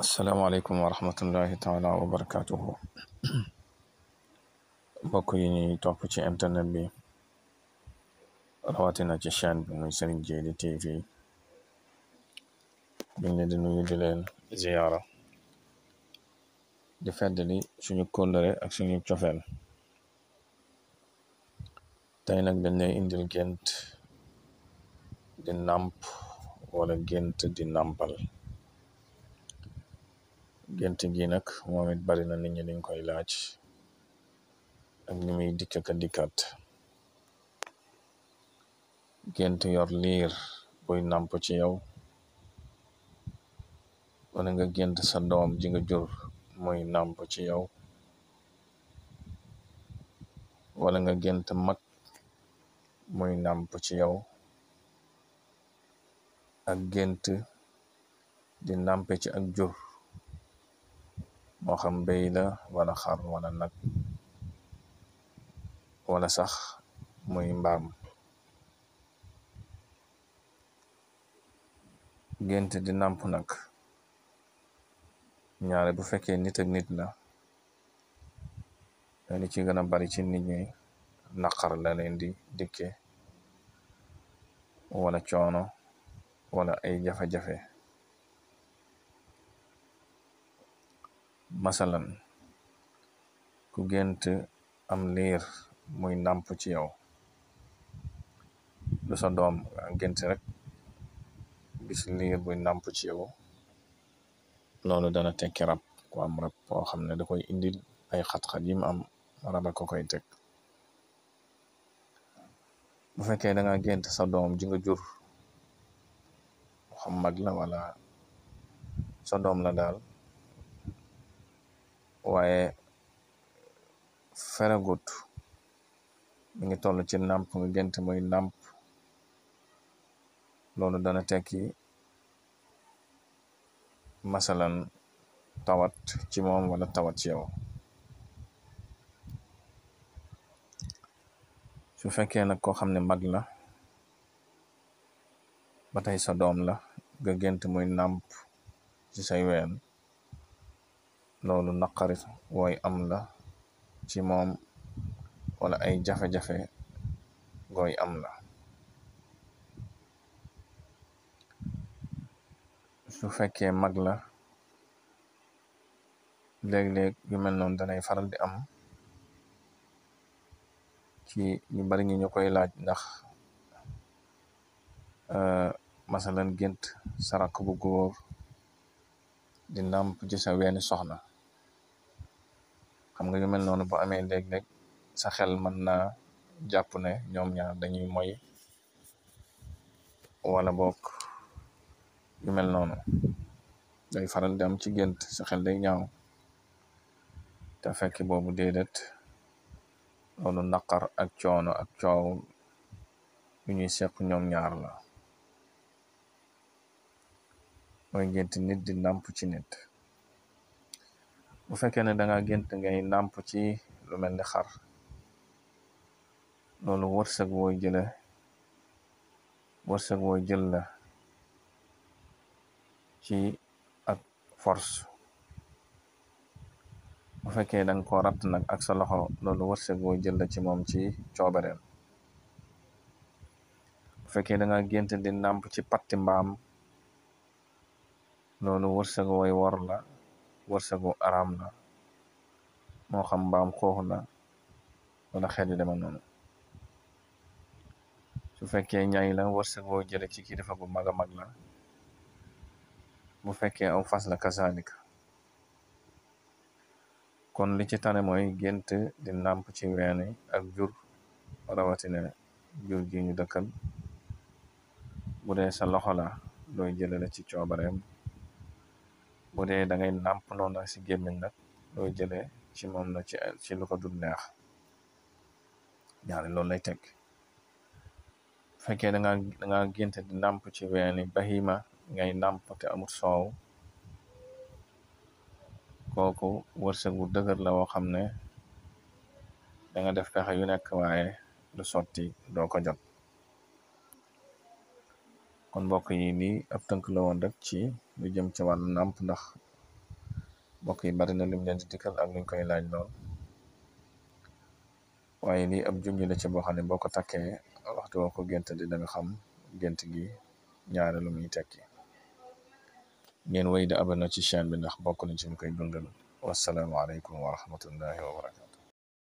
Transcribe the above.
asalaamaaleykum wa rahmatullahi taala wa barakaatuhu mbokk yi ñuy topp ci internet bi rawatina ci chaîne bi muy Serigne Djily TV ñu ngi leen di nuyu di leen di feddali suñu kóllëre ak suñu cofeel tey nag dañ indil gént di nàmp wala gént di nampal gént gi nak moom it bari na nit ñi dañ koy laaj ak ni muy ka dikkaat gént yor liir buy nàmp ci yow wala nga gént sa doom ji jur muy nàmp ci yow wala nga gént mag muy nàmp ci yow ak gént di nàmpe ci ak jur moo xam bëy la wala xar wala nag wala sax muy mbaam gént di namp nag ñaare bu fekkee nit ak nit la li ci gën a bari ci nit ñi naqar la leen di dikke wala coono wala ay jafe-jafe masalan ku gént am liir muy nàmp ci yow du sa doom nga rek gis liir buy nàmp ci yow loolu dana tekki rab ku am rab boo xam ne da koy indil ay xat-xat yi am raba ko koy teg bu fekkee danga nga gént sa doom ji nga jur Muhammad la wala sa doom la daal waaye feragut mi ngi toll ci nàmp nga gént muy nàmp loolu dana tekki masalan tawat ci moom wala tawat ci yow su fekkee nag koo xam ne mag la ba tey sa doom la nga gént muy nàmp ci say ween loolu naqarit wooy am la ci moom wala ay jafe-jafe gooy am la su fekkee mag la léeg-léeg yu mel noonu danay faral di am ci ñu bari ngi ñu koy laaj ndax eh, masalan gént sarak bu góor di nàmp ci sa weeni soxna xam nga yu mel noonu bu amee léeg-léeg sa xel mën naa jàpp ne ñoom ñaar dañuy moy wala bokk yu mel noonu day faral di ci gént sa xel day ñaaw te fekk boobu déedéet loolu naqar ak coono ak coow yu ñuy seq ñoom ñaar la mooy gént nit di nàmp ci nit bu fekkee ne da nga gént ngay nàmp ci lu mel ni xar loolu wërsëg wooy jëla wërsëg wooy jël la ci ak force bu fekkee danga ko ratt nag ak sa loxo loolu wërsëg wooy jël la ci moom ci coobareem bu fekkee danga nga gént di nàmp ci patti mbaam loolu wërsëg wooy wor wërsëgu araam na moo xam mbaam xoox na wala xel dema noonu su fekkee ñay la wërsëgoo jële ci kilifa bu mag a mag la bu fekkee aw fas la kasaalika kon li ci tane mooy gént di nàmp ci weene ak jur rawatina jur gi ñu dëkkal bu dee sa loxo la looy jële la ci coobareem bu da ngay nàmp noonu nag si gémmiñ nag looy jële ci moom na ci ci lu ko dul neex ñaare loolu lay teg bu fekkee da ngaa da ngaa gént di nàmp ci weeni bahima ngay nàmp te amul soow kooku wërsëg bu dëgër la woo xam ne da nga def pexe yu nekk waaye du sotti doo ko jot kon mbokk yi nii ab tënk la woon rek ci lu jëm ci wàllu nàmp ndax mbokk yi bari na lim leen di dikkal ak luñ koy laaj lool waaye lii ab junj la ci boo xam ne boo ko takkee waxtu woo ko gént di da nga xam gent gi ñaare lu muy tekki ngeen wéy di abonné ci chaîne bi ndax bokk na ci ñu koy dundal wassalaamu aleykum wa rahmatullahi wa barakatu